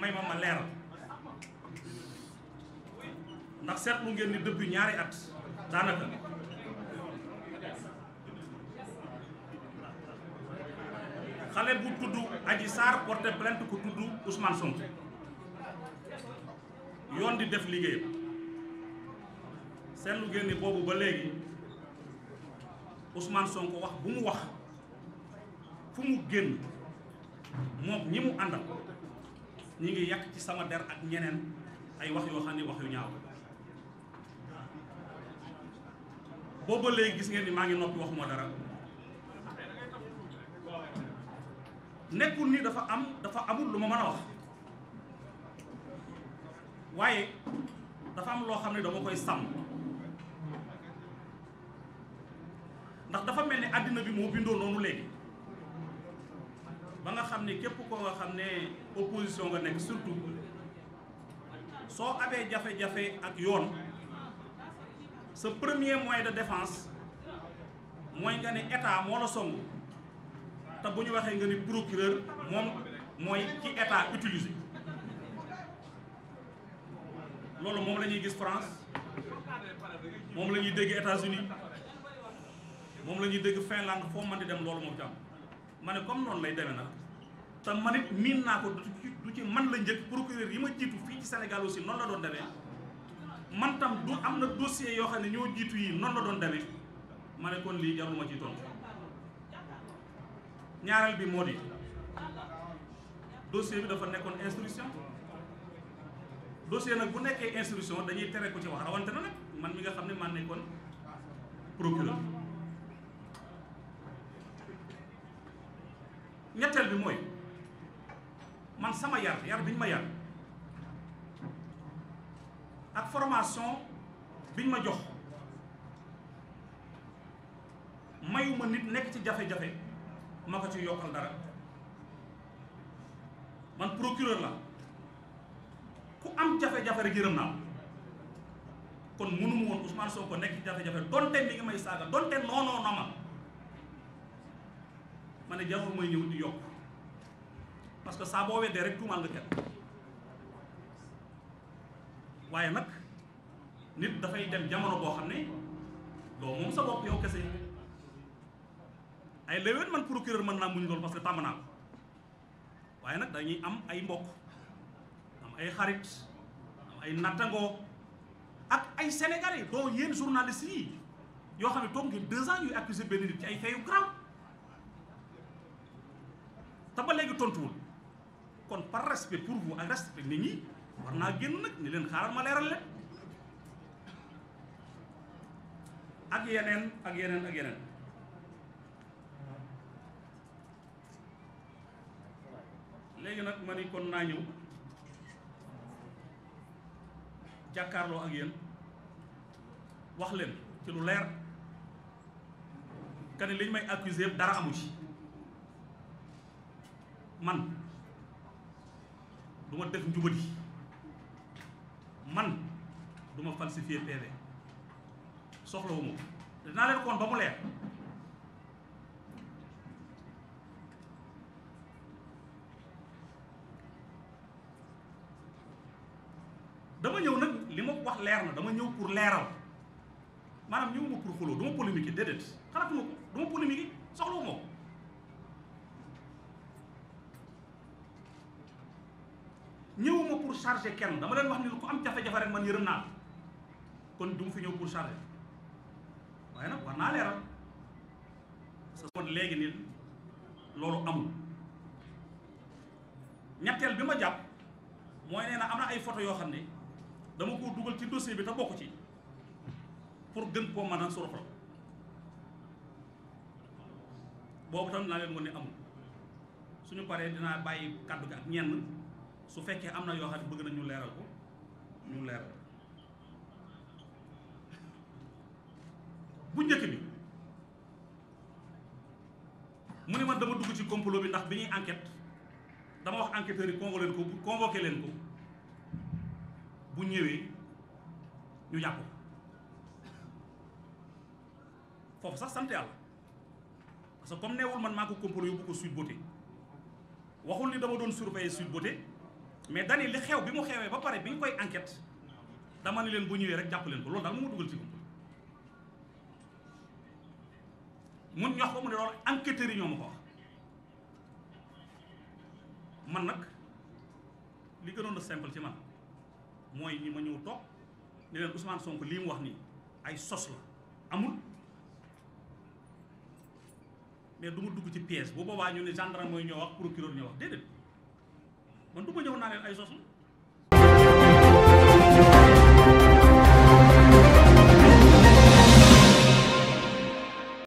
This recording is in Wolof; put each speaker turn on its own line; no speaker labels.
may ma ma leeral ndax seetlu ngeen ni depuis ñaari at daanaka xale bu tudd Adji Sarr porté plainte ku tudd Ousmane Sonko yoon di def liggéeyam seetlu ngeen ni boobu ba léegi usmaan Sonko wax bu mu wax fu mu génn moom ñi mu àndal ñi ngi yàq ci sama der ak ñeneen ay wax yoo xam ne wax yu ñaaw booba léegi gis ngeen ni maa ngi noppi waxuma dara nekkul nii dafa am dafa amul lu ma mën a wax waaye dafa am loo xam ne dama koy sàmm ndax dafa mel ni àddina bi moo bindoo noonu léegi ba nga xam ne képp ko nga xam ne opposition nga nekk surtout soo amee jafe-jafe ak yoon sa premier moyen de défense mooy nga ne état moo la song te bu ñu waxee nga ne procureur moom mooy ci état utilisé loolu moom la ñuy gis France moom la ñuy dégg États-Unis moom la ñuy dégg Finlande foo mën di dem loolu moom ci ma ne comme noonu lay demee na te man it miin naa ko du ci man la njëkk procureur yi ma jiitu fii ci Sénégal aussi noonu la doon demee man tam am na dossier yoo xam ne ñoo jiitu yi noonu la doon demee ma ne kon lii jaruma ci tontu ñaareel bi moo di dossier bi dafa nekkoon instruction dossier nag bu nekkee instruction dañuy tere ko ci wax rawante na nag man mi nga xam ne maa nekkoon procureur ñetteel bi mooy man sama yar yar bi ñu ma yar ak formation bi ñu ma jox mayuma nit nekk ci jafe-jafe ma ko ci yokkal dara man procureur la ku am jafe-jafe rek yërëm naa kon mënuma woon Ousmane Sonko nekk ci jafe-jafe donte mi ngi may saaga donte non non ma ne jarul may parce que saa boo weddee rek tuumaal nga kenn waaye nag nit dafay dem jamono boo xam ne doo moom sa bopp yow kese ay léwén man procureur mën naa muñ loolu parce que tàmm naa ko waaye nag dañuy am ay mbokk am ay xarit am ay nattangoo ak ay sénégalais doo yéen journalistes yi yoo xam ne toog ngeen yuy accusé benn nit ci ay fayu grave te ba léegi tontuwul kon par respect pour vous ak respect nit ñi war naa génn nag ni leen xaaral ma leeral leen ak yeneen ak yeneen ak yeneen léegi nag ma ni kon naa ñëw jàkkaarloo ak yéen wax leen ci lu leer que ni liñ may accuser dara amu ci man du def njubadi man du ma falsifier PV soxlawu ma leen koon ba mu leer dama ñëw nag li ma wax leer na dama ñëw pour leeral maanaam ñëwuma pour xuloo du ma polémique déedéet xalaatuma ko du ma ko ñëwuma pour charger kenn dama leen wax ni lu ko am jafe-jafe rek man yërëm naa kon du mu fi ñëw pour charger waaye nag war naa leeral parce que kon léegi nii loolu amul ñetteel bi ma jàpp mooy nee na am na ay photo yoo xam ne dama ko dugal ci dossier bi te bokk ci pour gën koo man a suruxal boobu tam naa leen wan ne amul suñu paree dinaa bàyyi kàddu gi ak ñenn su fekkee am na yoo xam bëgg nañu leeral ko ñu leeral bu njëkk bi mu ne man dama dugg ci complot bi ndax bi ñuy enquête dama wax enquêteurs yi convoqué leen ko leen ko bu ñëwee ñu jàpp ko foofu sax sant yàlla parce que comme neewul man maa ko complot yóbbu ko Sweet Beauté waxul ni dama doon surveiller Sweet Beauté mais dañu li xew bi mu xewee ba pare bi ñu koy enquête dama ne leen bu ñëwee rek jàpp leen ko loolu daal moo dugal ci ko mun ñu wax mu ne loolu enquêteurs yi ñoo ma ko wax man nag li gënoon a simple ci man mooy ñi ma ñëw toog ne leen Ousmane Sonko lii mu wax nii ay sos la amul mais du ma dugg ci pièce bu boobaa ñu ne gendarme mooy ñoo wax procureur ñoo wax déedéet. man du ma ñëw naa leen ay sos la